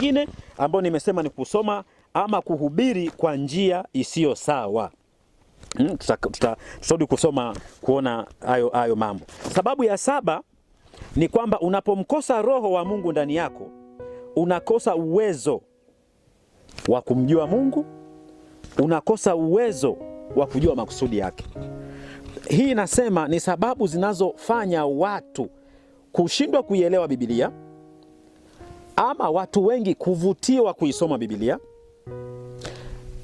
Nyingine ambayo nimesema ni kusoma ama kuhubiri kwa njia isiyo sawa. Hmm, tutarudi kusoma kuona hayo hayo mambo. Sababu ya saba ni kwamba unapomkosa Roho wa Mungu ndani yako, unakosa uwezo wa kumjua Mungu, unakosa uwezo wa kujua makusudi yake. Hii inasema ni sababu zinazofanya watu kushindwa kuielewa Biblia ama watu wengi kuvutiwa kuisoma Biblia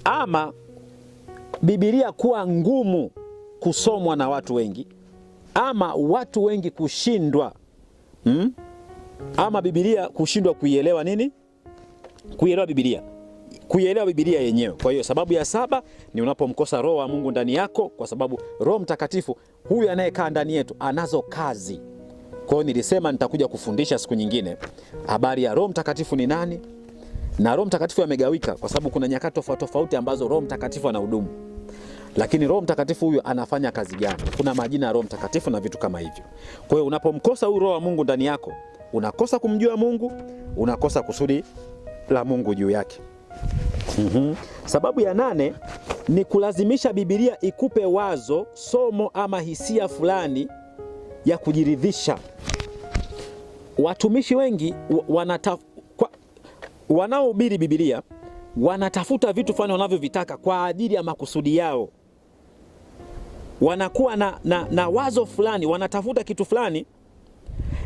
ama Biblia kuwa ngumu kusomwa na watu wengi ama watu wengi kushindwa hmm? ama Biblia kushindwa kuielewa nini, kuielewa Biblia, kuielewa Biblia yenyewe. Kwa hiyo sababu ya saba ni unapomkosa Roho wa Mungu ndani yako, kwa sababu Roho Mtakatifu huyu anayekaa ndani yetu anazo kazi kwa hiyo nilisema nitakuja kufundisha siku nyingine habari ya Roho Mtakatifu ni nani, na Roho Mtakatifu amegawika, kwa sababu kuna nyakati tofauti tofauti ambazo Roho Mtakatifu anahudumu, lakini Roho Mtakatifu huyu anafanya kazi gani? Kuna majina ya Roho Mtakatifu na vitu kama hivyo. Kwa hiyo unapomkosa huyu Roho wa Mungu ndani yako, unakosa kumjua Mungu, unakosa kusudi la Mungu juu yake. Mm -hmm. Sababu ya nane ni kulazimisha Biblia ikupe wazo, somo ama hisia fulani ya kujiridhisha. Watumishi wengi wanaohubiri Biblia wanatafuta vitu fulani wanavyovitaka kwa ajili ya makusudi yao, wanakuwa na, na, na wazo fulani, wanatafuta kitu fulani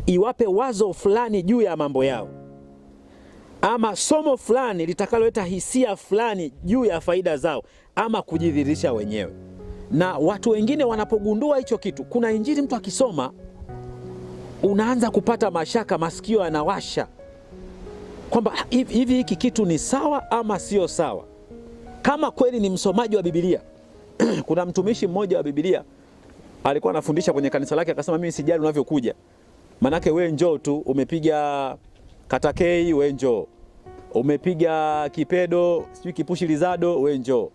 iwape wazo fulani juu ya mambo yao, ama somo fulani litakaloleta hisia fulani juu ya faida zao, ama kujidhihirisha wenyewe na watu wengine wanapogundua hicho kitu, kuna injili mtu akisoma unaanza kupata mashaka, masikio yanawasha kwamba ah, hivi hiki kitu ni sawa ama sio sawa, kama kweli ni msomaji wa Biblia. Kuna mtumishi mmoja wa Biblia alikuwa anafundisha kwenye kanisa lake, akasema mimi sijali unavyokuja, manake we njoo tu, umepiga katakei, we njoo, umepiga kipedo, sijui kipushilizado, we njoo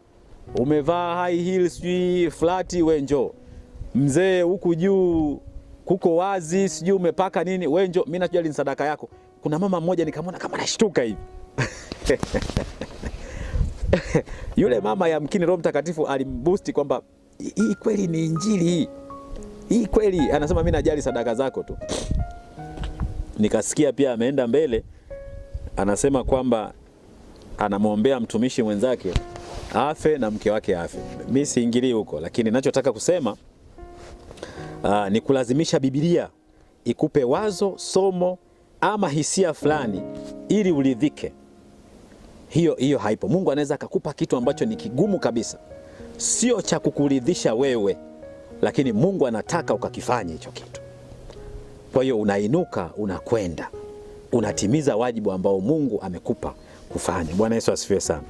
umevaa high heel sijui flati, we mzee, huku juu kuko wazi, sijui umepaka nini, we njoo, mimi najali ni sadaka yako. Kuna mama mmoja nikamwona kama anashtuka hivi yule mama yamkini Roho Mtakatifu alimbusti kwamba hii kweli ni injili hii hii kweli, anasema mimi najali sadaka zako tu. Nikasikia pia ameenda mbele, anasema kwamba anamwombea mtumishi mwenzake afe na mke wake afe. Mimi siingilii huko, lakini ninachotaka kusema aa, ah, ni kulazimisha Biblia ikupe wazo, somo ama hisia fulani ili uridhike. Hiyo hiyo haipo. Mungu anaweza akakupa kitu ambacho ni kigumu kabisa, sio cha kukuridhisha wewe, lakini Mungu anataka ukakifanye hicho kitu. Kwa hiyo unainuka, unakwenda, unatimiza wajibu ambao Mungu amekupa kufanya. Bwana Yesu asifiwe sana.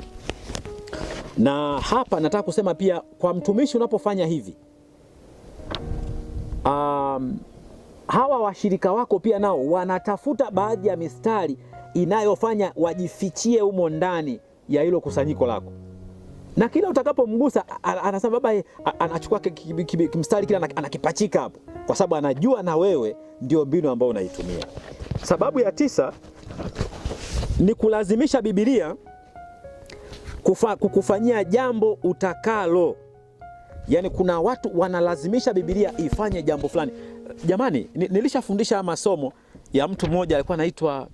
Na hapa nataka kusema pia kwa mtumishi, unapofanya hivi um, hawa washirika wako pia nao wanatafuta baadhi ya mistari inayofanya wajifichie humo ndani ya hilo kusanyiko lako, na kila utakapomgusa anasema baba, eh, anachukua kimstari kile anakipachika hapo, kwa sababu anajua na wewe ndio mbinu ambayo unaitumia. Sababu ya tisa ni kulazimisha Biblia kufa, kukufanyia jambo utakalo. Yaani kuna watu wanalazimisha Biblia ifanye jambo fulani. Jamani, nilishafundisha masomo ya mtu mmoja alikuwa anaitwa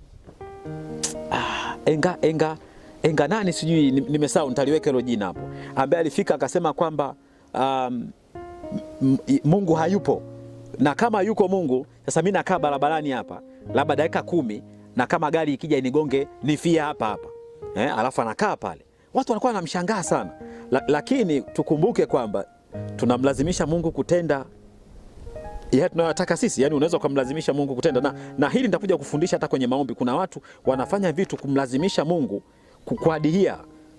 ah, enga, enga, enga nani sijui nimesahau, nitaliweka hilo jina hapo, ambaye alifika akasema kwamba um, Mungu hayupo na kama yuko Mungu, sasa mimi nakaa barabarani hapa labda dakika kumi na kama gari ikija inigonge nifia hapa hapa eh, alafu anakaa pale watu wanakuwa wanamshangaa sana la, lakini tukumbuke kwamba tunamlazimisha Mungu kutenda yeye tunayotaka sisi. Yani unaweza ukamlazimisha Mungu kutenda na, na hili nitakuja kufundisha hata kwenye maombi. Kuna watu wanafanya vitu kumlazimisha Mungu kukuadihia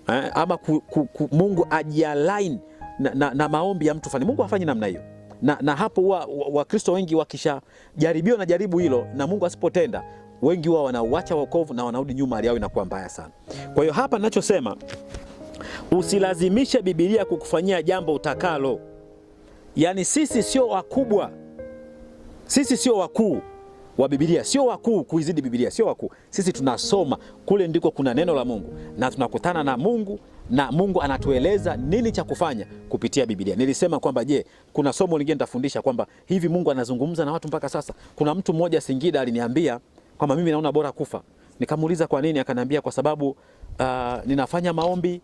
eh, ama ku, ku, ku, Mungu ajialaini na, na, na maombi ya mtu fani. Mungu hafanyi namna hiyo na, na hapo Wakristo wa, wa wengi wakishajaribiwa na jaribu hilo na Mungu asipotenda wengi wao wanauacha wokovu na wanarudi nyuma, hali yao inakuwa mbaya sana. Kwa hiyo hapa ninachosema, usilazimishe Biblia kukufanyia jambo utakalo. Yaani sisi sio wakubwa, sisi sio wakuu wa Biblia, sio wakuu kuizidi Biblia, sio wakuu. Sisi tunasoma kule, ndiko kuna neno la Mungu na tunakutana na Mungu na Mungu anatueleza nini cha kufanya kupitia Biblia. Nilisema kwamba je, kuna somo lingine nitafundisha kwamba hivi Mungu anazungumza na watu mpaka sasa. Kuna mtu mmoja Singida aliniambia kwamba mimi naona bora kufa. Nikamuuliza kwa nini, akaniambia kwa sababu uh, ninafanya maombi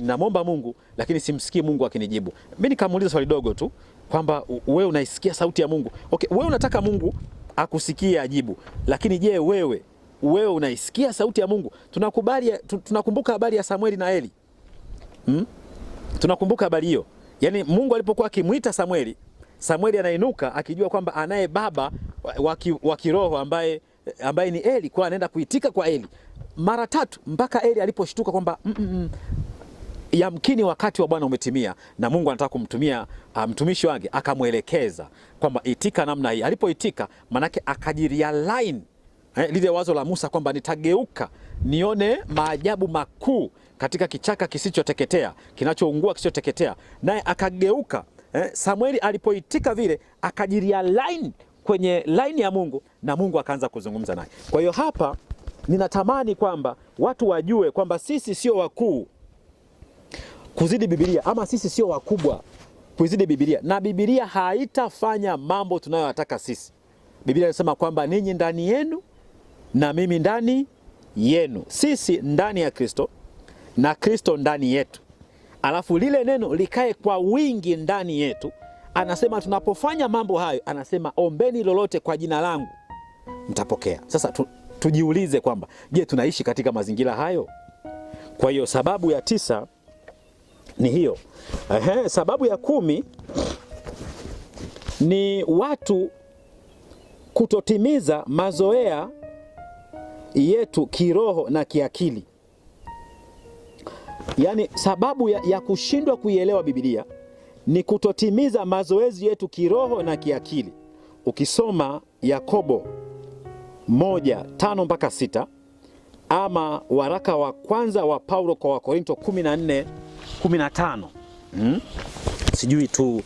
ninamwomba Mungu lakini simsikii Mungu akinijibu. Mimi nikamuuliza swali dogo tu kwamba wewe unaisikia sauti ya Mungu? Okay, wewe unataka Mungu akusikie ajibu, lakini je, wewe wewe unaisikia sauti ya Mungu? Tunakubali, tunakumbuka habari ya Samueli na Eli hmm? Tunakumbuka habari hiyo, yaani Mungu alipokuwa akimwita Samueli, Samueli anainuka akijua kwamba anaye baba wa kiroho ambaye Eh, ambaye ni Eli kwa anaenda kuitika kwa Eli mara tatu mpaka Eli aliposhtuka kwamba mm -mm, mm yamkini wakati wa Bwana umetimia na Mungu anataka kumtumia ah, mtumishi wake. Akamwelekeza kwamba itika namna hii. Alipoitika manake akajirealign eh, lile wazo la Musa kwamba nitageuka nione maajabu makuu katika kichaka kisichoteketea kinachoungua kisichoteketea, naye akageuka eh, Samueli alipoitika vile akajirealign kwenye laini ya Mungu na Mungu akaanza kuzungumza naye. Kwa hiyo hapa ninatamani kwamba watu wajue kwamba sisi sio wakuu kuzidi Biblia ama sisi sio wakubwa kuzidi Biblia, na Biblia haitafanya mambo tunayoyataka sisi. Biblia inasema kwamba ninyi ndani yenu na mimi ndani yenu, sisi ndani ya Kristo na Kristo ndani yetu, alafu lile neno likae kwa wingi ndani yetu Anasema tunapofanya mambo hayo, anasema ombeni lolote kwa jina langu mtapokea. Sasa tu, tujiulize kwamba je, tunaishi katika mazingira hayo? Kwa hiyo sababu ya tisa ni hiyo. Ehe, sababu ya kumi ni watu kutotimiza mazoea yetu kiroho na kiakili. Yaani sababu ya, ya kushindwa kuielewa Biblia ni kutotimiza mazoezi yetu kiroho na kiakili. Ukisoma Yakobo moja tano mpaka sita ama waraka wa kwanza wa Paulo kwa Wakorinto 14 15 hmm? Sijui tu uh,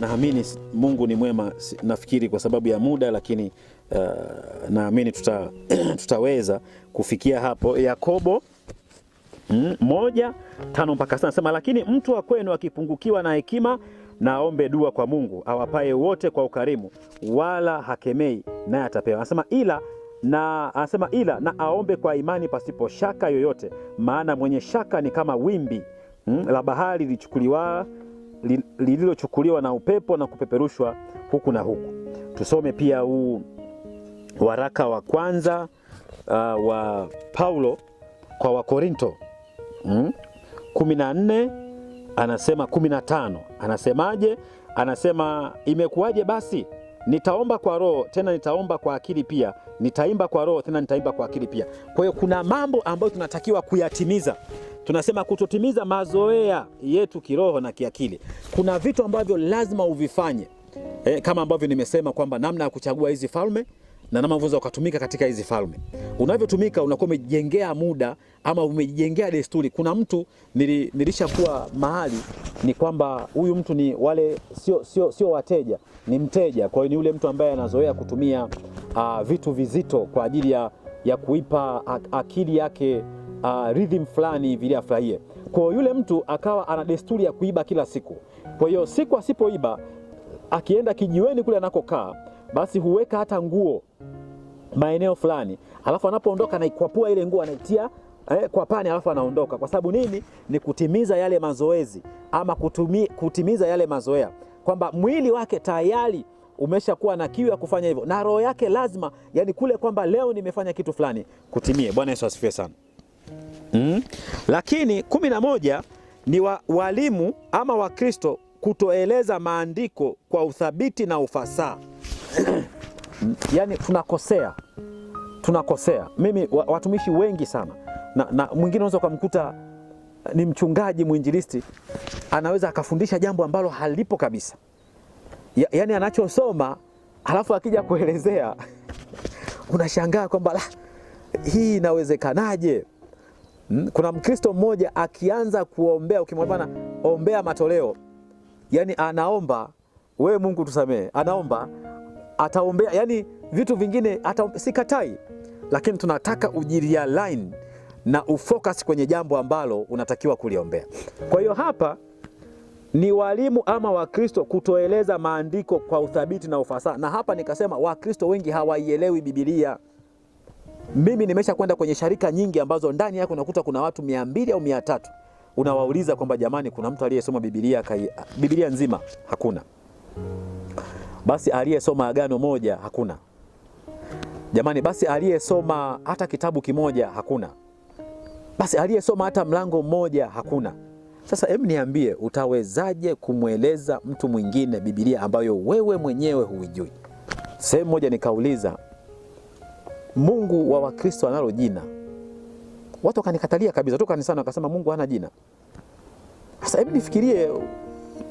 naamini Mungu ni mwema, nafikiri kwa sababu ya muda, lakini uh, naamini tuta, tutaweza kufikia hapo Yakobo moja tano mpaka sana sema, lakini mtu wa kwenu akipungukiwa na hekima, naombe dua kwa Mungu awapaye wote kwa ukarimu, wala hakemei, naye atapewa. Anasema ila na anasema ila na aombe kwa imani pasipo shaka yoyote, maana mwenye shaka ni kama wimbi mm, la bahari lilichukuliwa li, lililochukuliwa na upepo na kupeperushwa huku na huku. Tusome pia huu waraka wa kwanza uh, wa Paulo kwa Wakorinto Hmm? kumi na nne anasema kumi na tano anasemaje? Anasema imekuwaje basi nitaomba kwa roho tena nitaomba kwa akili pia, nitaimba kwa roho tena nitaimba kwa akili pia. Kwa hiyo kuna mambo ambayo tunatakiwa kuyatimiza. Tunasema kutotimiza mazoea yetu kiroho na kiakili. Kuna vitu ambavyo lazima uvifanye e, kama ambavyo nimesema kwamba namna ya kuchagua hizi falme na namna unaweza ukatumika katika hizi falme. Unavyotumika unakuwa umejengea muda ama umejijengea desturi. Kuna mtu nili, nilishakuwa mahali ni kwamba huyu mtu ni wale sio, sio, sio wateja, ni mteja. Kwa hiyo ni yule mtu ambaye anazoea kutumia uh, vitu vizito kwa ajili ya, ya kuipa akili yake uh, rhythm fulani vile afurahie. Kwa hiyo yule mtu akawa ana desturi ya kuiba kila siku. Kwa hiyo siku asipoiba akienda kijiweni kule anakokaa, basi huweka hata nguo maeneo fulani, alafu anapoondoka anaikwapua ile nguo anaitia eh, kwa pani alafu anaondoka. Kwa sababu nini? Ni kutimiza yale mazoezi ama kutumi, kutimiza yale mazoea, kwamba mwili wake tayari umeshakuwa na kiu ya kufanya hivyo na roho yake lazima, yani kule kwamba leo nimefanya kitu fulani kutimie. Bwana Yesu asifiwe sana. Mm. Lakini kumi na moja ni wa, walimu ama Wakristo kutoeleza maandiko kwa uthabiti na ufasaha yani tunakosea tunakosea. Mimi watumishi wengi sana na, na mwingine unaweza ukamkuta eh, ni mchungaji mwinjilisti, anaweza akafundisha jambo ambalo halipo kabisa ya, yani anachosoma alafu akija kuelezea unashangaa kwamba ah, hii inawezekanaje? Hmm, kuna Mkristo mmoja akianza kuombea, ukimwambia bana ombea matoleo, yani anaomba we Mungu tusamehe, anaomba ataombea, yani vitu vingine ata, sikatai, lakini tunataka ujiria line na ufocus kwenye jambo ambalo unatakiwa kuliombea. Kwa hiyo hapa ni walimu ama Wakristo kutoeleza maandiko kwa uthabiti na ufasaha, na hapa nikasema Wakristo wengi hawaielewi Biblia. Mimi nimesha kwenda kwenye sharika nyingi ambazo ndani yake unakuta kuna watu mia mbili au mia tatu unawauliza kwamba jamani, kuna mtu aliyesoma Biblia, Biblia nzima? Hakuna. Basi aliyesoma agano moja? Hakuna. Jamani, basi aliyesoma hata kitabu kimoja? Hakuna. Basi aliyesoma hata mlango mmoja hakuna. Sasa hebu niambie, utawezaje kumweleza mtu mwingine Biblia ambayo wewe mwenyewe huijui? Sehemu moja nikauliza, Mungu wa Wakristo analo jina? Watu wakanikatalia kabisa tu kanisani, wakasema Mungu hana jina. Sasa hebu nifikirie,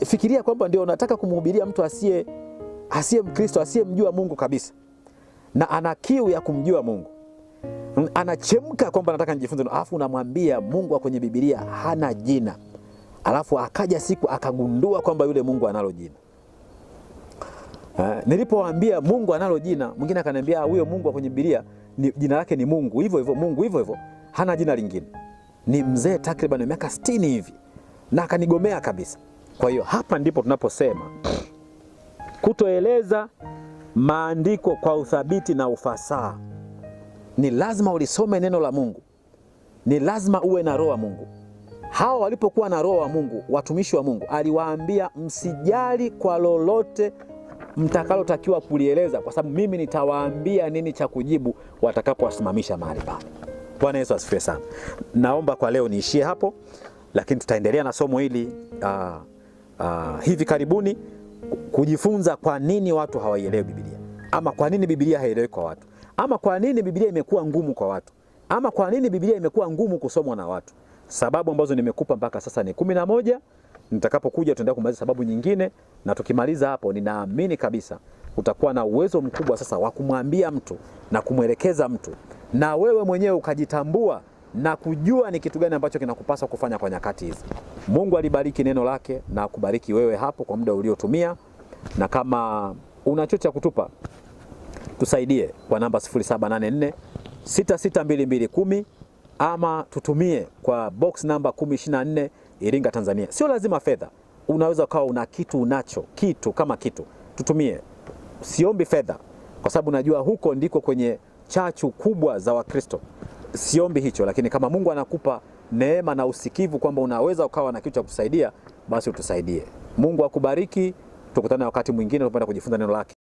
fikiria kwamba ndio unataka kumhubiria mtu asiye asiye Mkristo asiyemjua Mungu kabisa na ana kiu ya kumjua Mungu anachemka kwamba nataka nijifunze, alafu unamwambia Mungu wa kwenye Biblia hana jina, alafu akaja siku akagundua kwamba yule Mungu analo jina. Eh, nilipowaambia Mungu analo jina, mwingine akaniambia ah, huyo Mungu wa kwenye Biblia ni, jina lake ni Mungu hivyo hivyo, Mungu hivyo hivyo, hana jina lingine. Ni mzee takriban miaka 60 hivi na akanigomea kabisa. Kwa hiyo hapa ndipo tunaposema kutoeleza maandiko kwa uthabiti na ufasaha ni lazima ulisome neno la Mungu, ni lazima uwe na roho wa Mungu. Hawa walipokuwa na roho wa Mungu, watumishi wa Mungu, aliwaambia msijali kwa lolote mtakalotakiwa kulieleza, kwa sababu mimi nitawaambia nini cha kujibu watakapowasimamisha mahali pale. Bwana Yesu asifiwe sana. Naomba kwa leo niishie hapo, lakini tutaendelea na somo hili uh, uh, hivi karibuni, kujifunza kwa nini watu hawaielewi Biblia ama kwa nini Biblia haielewi kwa watu ama kwa nini Biblia imekuwa ngumu kwa watu, ama kwa nini Biblia imekuwa ngumu kusomwa na watu. Sababu ambazo nimekupa mpaka sasa ni kumi na moja. Nitakapokuja tutaenda kumaliza sababu nyingine, na tukimaliza hapo, ninaamini kabisa utakuwa na uwezo mkubwa sasa wa kumwambia mtu na kumwelekeza mtu, na wewe mwenyewe ukajitambua na kujua ni kitu gani ambacho kinakupasa kufanya kwa nyakati hizi. Mungu alibariki neno lake na kubariki wewe hapo kwa muda uliotumia, na kama una chochote cha kutupa tusaidie kwa namba 0784 662210 ama tutumie kwa box namba 1024 Iringa, Tanzania. Sio lazima fedha, unaweza ukawa una kitu unacho kitu kama kitu, tutumie. Siombi fedha kwa sababu najua huko ndiko kwenye chachu kubwa za Wakristo. Siombi hicho, lakini kama Mungu anakupa neema na usikivu kwamba unaweza ukawa na kitu cha kusaidia basi utusaidie. Mungu akubariki, tukutane wakati mwingine tunapenda kujifunza neno lake.